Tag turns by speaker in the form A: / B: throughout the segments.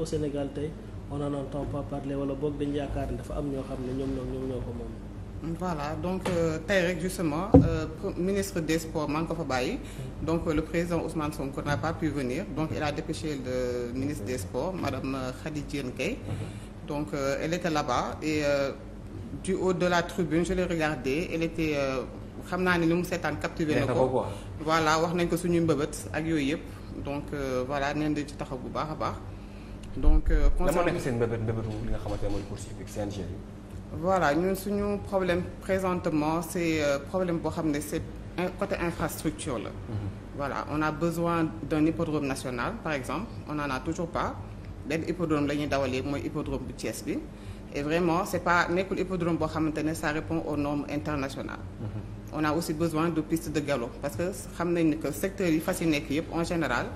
A: au Sénégal tey on n'en entend pas parler boog dañ yaakaar ne dafa am ñoo xam ne ñoom ñoom ñoo ko moom. voilà donc euh, tey euh, des sports maa ngi ko fa bàyyi donc euh, le président Ousmane Sonko n'a pas pu venir donc il a dépêché le ministre des sports madame euh, Khady Diène Gaye donc euh, elle était là et du haut de la tribune je l'ai regardée elle xam naa ni lu mu seetaan captivé na ko voilà wax nañ ko suñuy mbëbët ak yooyu yëpp donc voilà neen dañ ci taxaw bu baax a baax
B: donc euh, concernant dama nekk seen mbébét mbébétu li nga xamante ne mooy course
A: voilà ñun suñu problème présentement c'est euh, problème boo xam ne c'est côté infrastructure la. Mhm. voilà on a besoin d'un hippodrome national par exemple on en a toujours pas benn hippodrome la ñuy dawalee mooy hippodrome bu Thiès bi e vraiment c'est pas nekkul hippodrome boo xamante ne ça répond au normes international mhm. on aussi besoin de pistes de galop parce que xam nañ ne que secteurs yi fas yi nekk yëpp en général.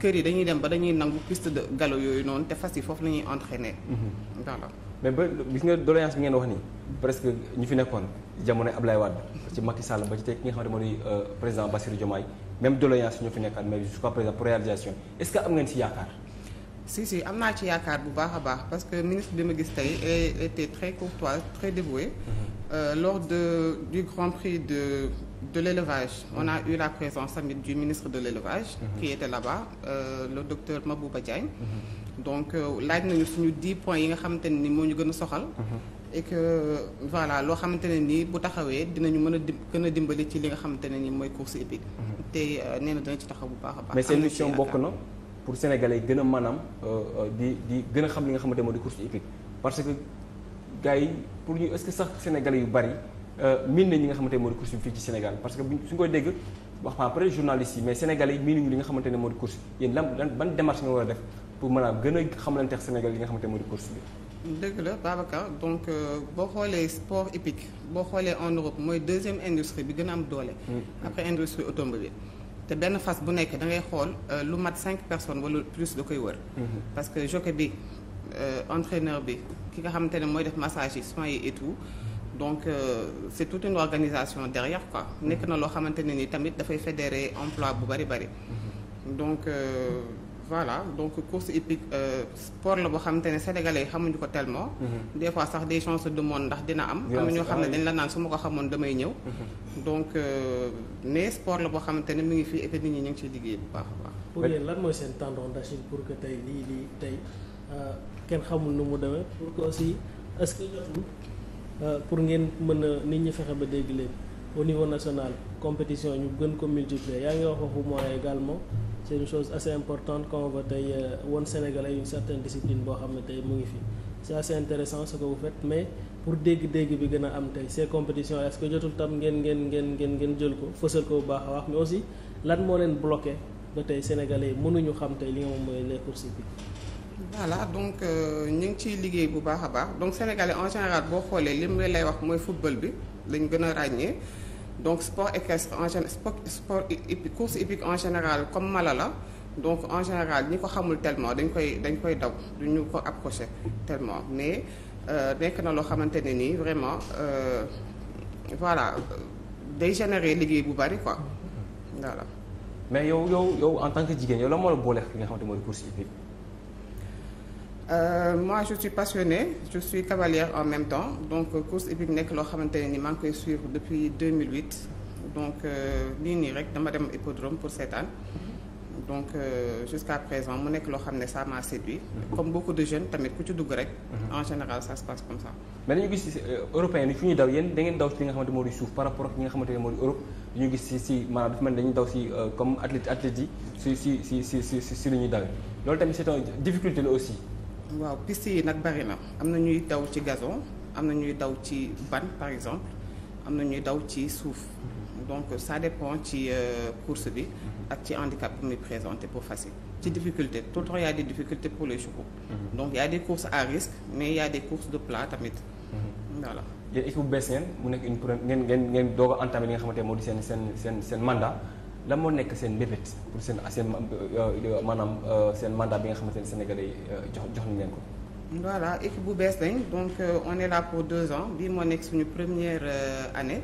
A: kër yi dañuy dem ba dañuy nangu piste de galop yooyu noonu te fas yi foofu la ñuy entraîner. Mhm. voilà
B: mais ba gis nga doléance bi ngeen wax nii presque ñu fi nekkoon jamono Ablaye Wade ci Macky Sall ba ci tey ki nga xamante ne mooy euh, président Bassirou Diomaye même doléance ñoo fi nekkaat mais jusqu'à présent pour réalisation est ce que am ngeen si yaakaar. si si am naa ci yaakaar bu baax a baax parce que ministre bi ma gis tey était très
A: euh, lors de, du Grand Prix de, de l'élevage, on a eu la présence du ministre de l'élevage mhm. qui était là-bas, euh, le docteur Mabouba Diagne. Mhm. donc euh, laaj nañu suñu dix points yi nga xamante ne ni moo ñu gën a soxal. Mhm. et que loo xamante ne nii bu taxawee dinañu mën a dim gën a dimbali ci li nga xamante ne nii mooy course épique. te euh, nee na dina ci taxaw bu baax a baax. mais seen mission bokk
B: na pour sénégalais gën a maanaam euh, di di gën a xam li nga xamante moo di course épique parce que. gars yi pour ñu est-ce que sax sénégalais yu bari euh, miin nañ li nga xamante ne moo di course bi fii ci Sénégal parce que buñ suñ koy dégg wax pas après journalistes yi mais sénégalais yi miinuñu li nga ne moo di course yéen a a gën li nga xamante ne moo di course bi.
A: dëgg la Babacar donc euh, boo xoolee sport hippique boo xoolee en Europe mooy deuxième industrie bi gën a am doole. Mm. après industrie automobile te benn fas bu nekk da xool euh, lu mat cinq personnes wala plus da koy wër. Mm-hmm. parce que jockey bi entraîneur ki nga xamante ne mooy def massage yi soins yi et tout donc euh, c'est toute une organisation derrière quoi nekk na loo xamante ne ni tamit dafay fédérer emploi bu bari bari donc euh, voilà donc course hippique euh, sport la boo xamante ne sénégalais yi xamuñu ko tellement. des fois sax des gens se demandent ndax dina am. am na ñoo xam ne dañ la naan su ma ko xamoon damay ñëw. donc euh, mais sport la boo xamante ne mi ngi
B: fii et nit ñi ñu ngi ciy liggéey bu baax a baax. seen tendon d'Achille pour que Euh, kenn xamul nu mu demee pour que aussi est-ce que jotul euh, pour ngeen mën a nit ñi fexe ba dégg leen au niveau national compétition ñu gën ko multiplier yaa ngi wax waxu moyen également c'est une chose assez importante qu'on veut tey euh, won Sénégalais une certaine discipline boo xam ne tey mu ngi fi c'est assez intéressant ce que vous faites mais pour dégg-dégg bi gën a am tey ces compétitions est que jotul tam ngeen ngeen ngeen ngeen ngeen jël ko fësal ko bu baax a wax mais lan moo leen bloqué ba tey Sénégalais yi mënuñu xam tey li nga moom mooy les courses hippiques
A: voilà donc euh, ñu ngi ciy liggéey bu baax a baax donc sénégalais en général boo xoolee lim lay wax mooy football bi lañ gën a ràññee donc sport équestre en général sport sport en général comme mala la donc en général ñi ko xamul tellement dañ koy dañ koy daw du ñu ko approché tellement mais euh, nekk na loo xamante ne nii vraiment euh,
B: voilà day générer liggéey bu bari quoi voilà. mais yow yow yow en tant que jigéen yow la moo la boole li nga xamante mooy course hippique.
A: Euh, moi je suis passionnée je suis cavalière en même temps donc course hippique nekk loo xamante ne ni maa ngi koy suivre depuis 2008 donc euh, nii nii rek dama dem hippodrome pour seetaan donc euh, jusqu'à présent mu nekk loo xam ne ça m'a séduit comme beaucoup de jeunes tamit ku ci dugg rek. Mhm. en général ça se comme ça.
B: mais dañu gis ci euh, yi fi ñuy daw yéen da ngeen daw ci nga xamante moo di suuf par rapport ak nga xamante ne moo di Europe dañu gis ci ci maanaam dafa mel ni euh, comme athlète athlète yi ci ci ñuy daw loolu tamit c'est une aussi. waaw piste yi nag bari na am na ñuy daw ci gazon am na ñuy daw ci ban
A: par exemple am na ñuy daw ci suuf donc ça dépend ci euh, course bi ak ci handicap bi muy présenté pour facile ci difficulté tout le temps y a des difficultés pour les chevaux
B: mhm. donc y a des courses à risque mais y a des de plat tamit mhm. voilà yéen équipe bu bees ngeen mu nekk une première ngeen ngeen ngeen doog a entamé li nga xamante moo di seen seen seen seen mandat lan moo nekk seen mbébét pour seen seen euh, maanaam euh, seen mandat bi nga xamante ne Sénégalais yi euh, jox jox nañ leen ko.
A: voilà équipe bu bees lañ donc on est là pour deux ans bii moo nekk suñu première année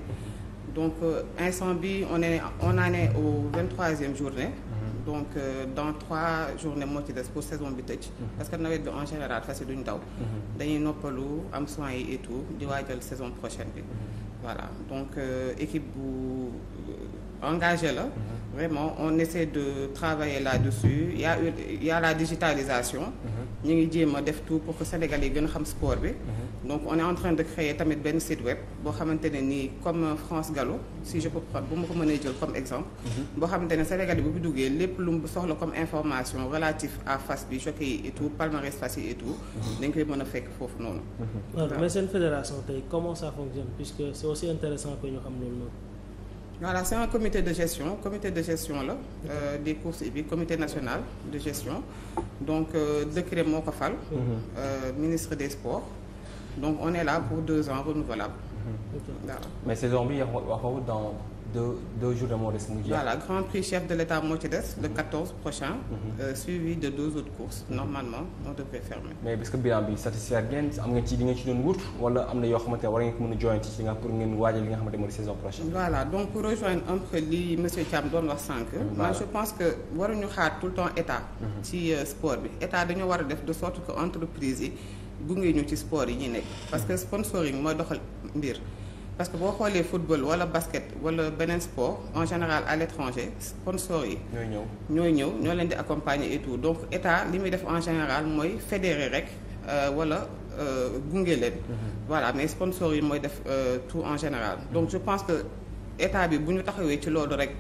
A: donc instant bi on est on en est au vingt troisième journée. Mm-hmm. donc dans trois journées moo ci des pour saison bi tëj. Mm-hmm. parce que nawet bi en général fas duñ daw. Mm-hmm. dañuy noppalu am soins yi et tout di waajal saison prochaine bi. voilà donc équipe bu. engagé la. Mm-hmm. vraiment on essaie de travailler là-dessus il a a la digitalisation. Mm-hmm. ñu ngi jéem a def tout pour que Sénégal yi gën a xam sport bi. Mm-hmm. donc on est en train de créer tamit benn site web boo xamante ne nii comme France Gallo si je peux prendre bu ma ko mënee jël comme exemple. boo xamante ne Sénégal yi bu fi duggee lépp lu soxla comme information relative à Fass bi jockey yi et tout palmarès Fass yi et tout. dañ koy mën a fekk foofu noonu.
B: mais seen fédération tey voilà c'est un comité de gestion comité de gestion
A: la euh, des courses et comité nationale de gestion donc euh, décret moo ko fal. Mhm. Euh, ministre des sports donc on est là pour deux ans renouvelable. Mm
B: mais saison bi yaa waxawut dans deux deux jours de moo des mu jeex. voilà
A: grand prix chef de l'État moo ci des. le 14 prochain. Mm -hmm. euh, suivi de deux autres courses mhm. normalement on devrait
B: fermer. mais parce que bilan bi satisfaire ngeen am nga ci li nga ci doon wut wala am na yoo xamante ne war ngeen ko mën a joyante ci nga pour ngeen waajal li nga xamante ne mooy saison prochaine. voilà donc rejoindre un peu li monsieur doon wax sànq.
A: voilà moi pense que waruñu xaar tout le temps état. Mhm. ci euh, état dañoo war a def de sorte que entreprise yi gunge ñu ci sport yi ñuy parce que sponsoring mooy doxal mbir. parce que boo xoolee football wala basket wala beneen sport en général à l'étranger sponsor yi. ñooy ñëw ñooy ñëw ñoo leen di accompagner et donc état li muy def en général mooy fédérer rek euh, wala euh, gunge leen. Mm-hmm. voilà mais sponsor yi mooy def euh, tout en général. Mm-hmm. donc je pense que état bi bu ñu taxawee ci loolu rek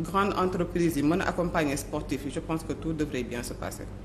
A: grande entreprise yi mën a accompagner sportif yi je pense que tout devrait bien se passer.